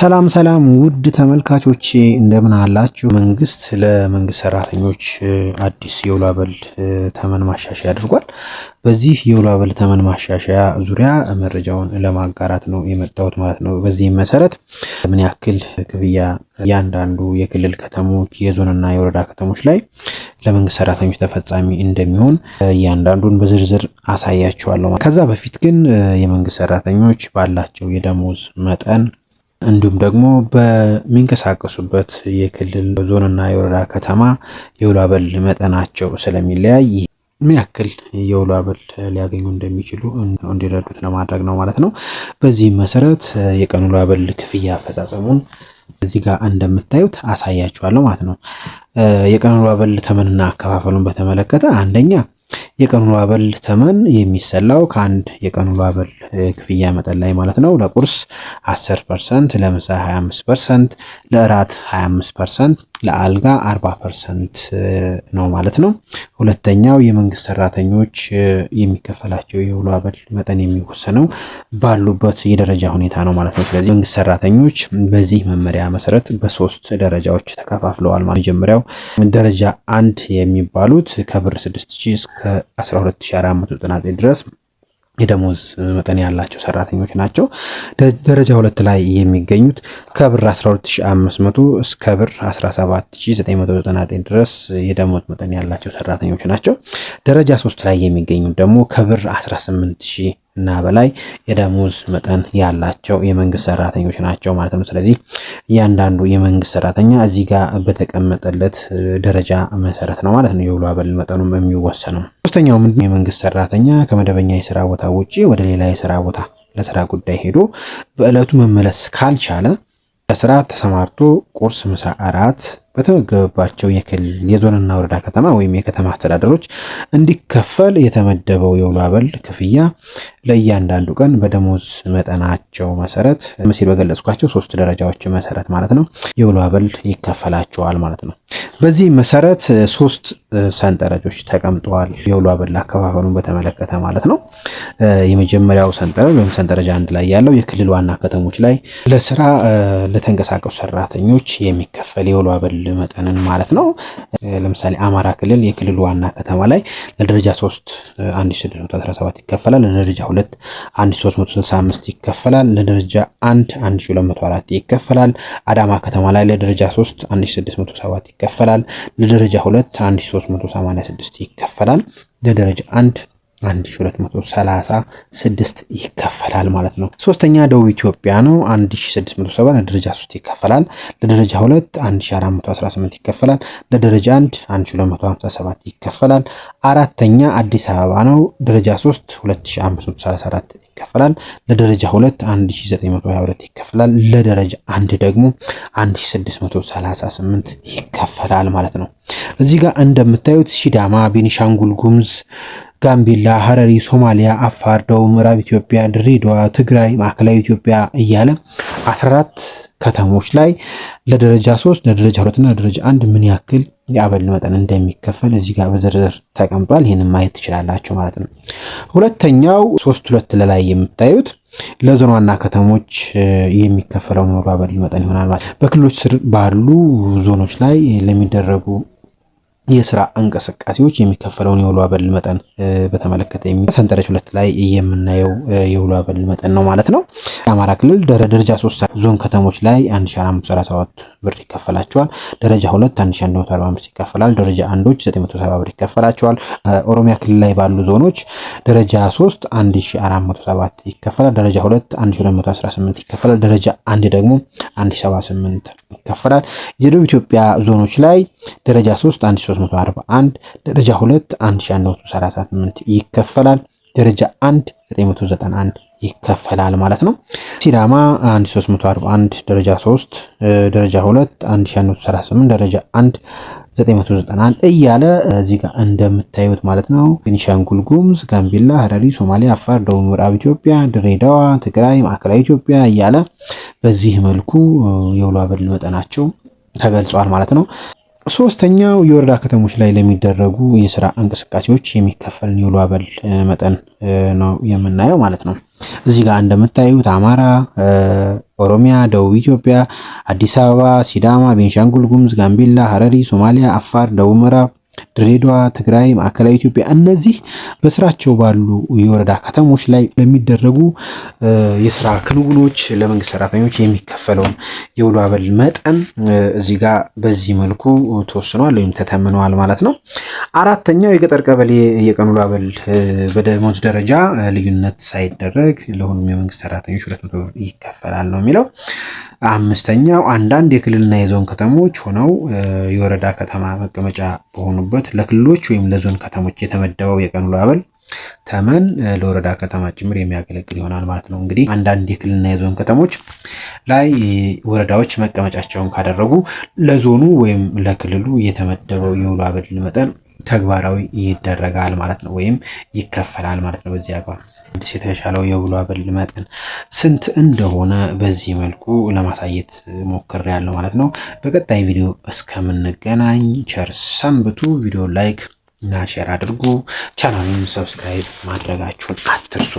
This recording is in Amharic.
ሰላም ሰላም ውድ ተመልካቾቼ እንደምን አላችሁ? መንግስት ለመንግስት ሰራተኞች አዲስ የውሎ አበል ተመን ማሻሻያ አድርጓል። በዚህ የውሎ አበል ተመን ማሻሻያ ዙሪያ መረጃውን ለማጋራት ነው የመጣሁት ማለት ነው። በዚህም መሰረት ምን ያክል ክፍያ እያንዳንዱ የክልል ከተሞች የዞንና የወረዳ ከተሞች ላይ ለመንግስት ሰራተኞች ተፈጻሚ እንደሚሆን እያንዳንዱን በዝርዝር አሳያቸዋለሁ። ከዛ በፊት ግን የመንግስት ሰራተኞች ባላቸው የደሞዝ መጠን እንዲሁም ደግሞ በሚንቀሳቀሱበት የክልል ዞንና የወረዳ ከተማ የውሎ አበል መጠናቸው ስለሚለያይ ምን ያክል የውሎ አበል ሊያገኙ እንደሚችሉ እንዲረዱት ለማድረግ ነው ማለት ነው። በዚህም መሰረት የቀን ውሎ አበል ክፍያ አፈጻጸሙን እዚህ ጋር እንደምታዩት አሳያችኋለሁ ማለት ነው። የቀን ውሎ አበል ተመንና አከፋፈሉን በተመለከተ አንደኛ የቀን ውሎ አበል ተመን የሚሰላው ከአንድ የቀን ውሎ አበል ክፍያ መጠን ላይ ማለት ነው። ለቁርስ 10 ፐርሰንት፣ ለምሳ 25 ፐርሰንት፣ ለእራት 25 ፐርሰንት ለአልጋ 40 ፐርሰንት ነው ማለት ነው። ሁለተኛው የመንግስት ሰራተኞች የሚከፈላቸው የውሎ አበል መጠን የሚወሰነው ባሉበት የደረጃ ሁኔታ ነው ማለት ነው። ስለዚህ መንግስት ሰራተኞች በዚህ መመሪያ መሰረት በሶስት ደረጃዎች ተከፋፍለዋል። መጀመሪያው ደረጃ አንድ የሚባሉት ከብር 6000 እስከ 12499 ድረስ የደሞዝ መጠን ያላቸው ሰራተኞች ናቸው። ደረጃ ሁለት ላይ የሚገኙት ከብር 12500 እስከ ብር 17999 ድረስ የደሞዝ መጠን ያላቸው ሰራተኞች ናቸው። ደረጃ ሶስት ላይ የሚገኙት ደግሞ ከብር 18 እና በላይ የደሞዝ መጠን ያላቸው የመንግስት ሰራተኞች ናቸው ማለት ነው። ስለዚህ እያንዳንዱ የመንግስት ሰራተኛ እዚህ ጋር በተቀመጠለት ደረጃ መሰረት ነው ማለት ነው የውሎ አበል መጠኑም የሚወሰነው። ሶስተኛው ምንድን የመንግስት ሰራተኛ ከመደበኛ የስራ ቦታ ውጭ ወደ ሌላ የስራ ቦታ ለስራ ጉዳይ ሄዶ በእለቱ መመለስ ካልቻለ ለስራ ተሰማርቶ ቁርስ፣ ምሳ፣ እራት በተመደበባቸው የክልል የዞንና ወረዳ ከተማ ወይም የከተማ አስተዳደሮች እንዲከፈል የተመደበው የውሎ አበል ክፍያ ለእያንዳንዱ ቀን በደሞዝ መጠናቸው መሰረት ምሲል በገለጽኳቸው ሶስት ደረጃዎች መሰረት ማለት ነው የውሎ አበል ይከፈላቸዋል ማለት ነው። በዚህ መሰረት ሶስት ሰንጠረጆች ተቀምጠዋል። የውሎ አበል አከፋፈሉን በተመለከተ ማለት ነው። የመጀመሪያው ሰንጠረዥ ወይም ሰንጠረዥ አንድ ላይ ያለው የክልል ዋና ከተሞች ላይ ለስራ ለተንቀሳቀሱ ሰራተኞች የሚከፈል የውሎ አበል መጠንን ማለት ነው። ለምሳሌ አማራ ክልል የክልሉ ዋና ከተማ ላይ ለደረጃ 3 1617 ይከፈላል። ለደረጃ 2 1365 ይከፈላል። ለደረጃ 1 1204 ይከፈላል። አዳማ ከተማ ላይ ለደረጃ 3 1607 ይከፈላል። ለደረጃ 2 1386 ይከፈላል። ለደረጃ 1 1236 ይከፈላል ማለት ነው። ሶስተኛ ደቡብ ኢትዮጵያ ነው። 1670 ለደረጃ 3 ይከፈላል። ለደረጃ 2 1418 ይከፈላል። ለደረጃ 1 1257 ይከፈላል። አራተኛ አዲስ አበባ ነው። ደረጃ 3 2534 ይከፈላል። ለደረጃ 2 1922 ይከፈላል። ለደረጃ 1 ደግሞ 1638 ይከፈላል ማለት ነው። እዚህ ጋር እንደምታዩት ሲዳማ፣ ቤኒሻንጉል ጉሙዝ ጋምቤላ፣ ሀረሪ፣ ሶማሊያ፣ አፋር፣ ደቡብ ምዕራብ ኢትዮጵያ፣ ድሬዳዋ፣ ትግራይ፣ ማዕከላዊ ኢትዮጵያ እያለ 14 ከተሞች ላይ ለደረጃ 3 ለደረጃ 2 እና ለደረጃ 1 ምን ያክል የአበል መጠን እንደሚከፈል እዚህ ጋር በዝርዝር ተቀምጧል። ይህን ማየት ትችላላችሁ ማለት ነው። ሁለተኛው ሶስት ሁለት ለላይ የምታዩት ለዞን ዋና ከተሞች የሚከፈለው ኖሮ አበል መጠን ይሆናል ማለት በክልሎች ስር ባሉ ዞኖች ላይ ለሚደረጉ የስራ እንቅስቃሴዎች የሚከፈለውን የውሎ አበል መጠን በተመለከተ ሰንጠረዥ ሁለት ላይ የምናየው የውሎ አበል መጠን ነው ማለት ነው። አማራ ክልል ደረጃ ሶስት ዞን ከተሞች ላይ 1417 ብር ይከፈላቸዋል። ደረጃ ሁለት 1145 ይከፈላል። ደረጃ አንዶች 970 ብር ይከፈላቸዋል። ኦሮሚያ ክልል ላይ ባሉ ዞኖች ደረጃ 3 1407 ይከፈላል። ደረጃ 2 1218 ይከፈላል። ደረጃ አንድ ደግሞ 1078 ይከፈላል። የደቡብ ኢትዮጵያ ዞኖች ላይ ደረጃ 3 1341፣ ደረጃ 2 1138 ይከፈላል። ደረጃ 1 991 ይከፈላል ማለት ነው። ሲዳማ 1341 ደረጃ 3 ደረጃ 2 1138 ደረጃ 1 991 እያለ እዚህ ጋር እንደምታዩት ማለት ነው። ቤኒሻንጉል ጉምዝ፣ ጋምቤላ፣ ሀረሪ፣ ሶማሌ፣ አፋር፣ ደቡብ ምዕራብ ኢትዮጵያ፣ ድሬዳዋ፣ ትግራይ፣ ማዕከላዊ ኢትዮጵያ እያለ በዚህ መልኩ የውሎ አበል መጠናቸው ተገልጿል ማለት ነው። ሶስተኛው የወረዳ ከተሞች ላይ ለሚደረጉ የስራ እንቅስቃሴዎች የሚከፈል የውሎ አበል መጠን ነው የምናየው ማለት ነው። እዚህ ጋር እንደምታዩት አማራ፣ ኦሮሚያ፣ ደቡብ ኢትዮጵያ፣ አዲስ አበባ፣ ሲዳማ፣ ቤንሻንጉል ጉሙዝ፣ ጋምቤላ፣ ሀረሪ ሶማሊያ፣ አፋር፣ ደቡብ ምዕራብ ድሬዳዋ፣ ትግራይ፣ ማዕከላዊ ኢትዮጵያ እነዚህ በስራቸው ባሉ የወረዳ ከተሞች ላይ ለሚደረጉ የስራ ክንውኖች ለመንግስት ሰራተኞች የሚከፈለውን የውሎ አበል መጠን እዚህ ጋር በዚህ መልኩ ተወስኗል ወይም ተተምነዋል ማለት ነው። አራተኛው የገጠር ቀበሌ የቀን ውሎ አበል በደሞዝ ደረጃ ልዩነት ሳይደረግ ለሁሉም የመንግስት ሰራተኞች ሁለት መቶ ብር ይከፈላል ነው የሚለው። አምስተኛው አንዳንድ የክልልና የዞን ከተሞች ሆነው የወረዳ ከተማ መቀመጫ በሆኑበት ለክልሎች ወይም ለዞን ከተሞች የተመደበው የቀን ውሎ አበል ተመን ለወረዳ ከተማ ጭምር የሚያገለግል ይሆናል ማለት ነው። እንግዲህ አንዳንድ የክልልና የዞን ከተሞች ላይ ወረዳዎች መቀመጫቸውን ካደረጉ ለዞኑ ወይም ለክልሉ የተመደበው የውሎ አበል መጠን ተግባራዊ ይደረጋል ማለት ነው፣ ወይም ይከፈላል ማለት ነው በዚህ አግባብ አዲስ የተሻለው የውሎ አበል መጠን ስንት እንደሆነ በዚህ መልኩ ለማሳየት ሞክር ያለው ማለት ነው። በቀጣይ ቪዲዮ እስከምንገናኝ ቸር ሰንብቱ። ቪዲዮ ላይክ እና ሼር አድርጉ። ቻናሉን ሰብስክራይብ ማድረጋችሁን አትርሱ።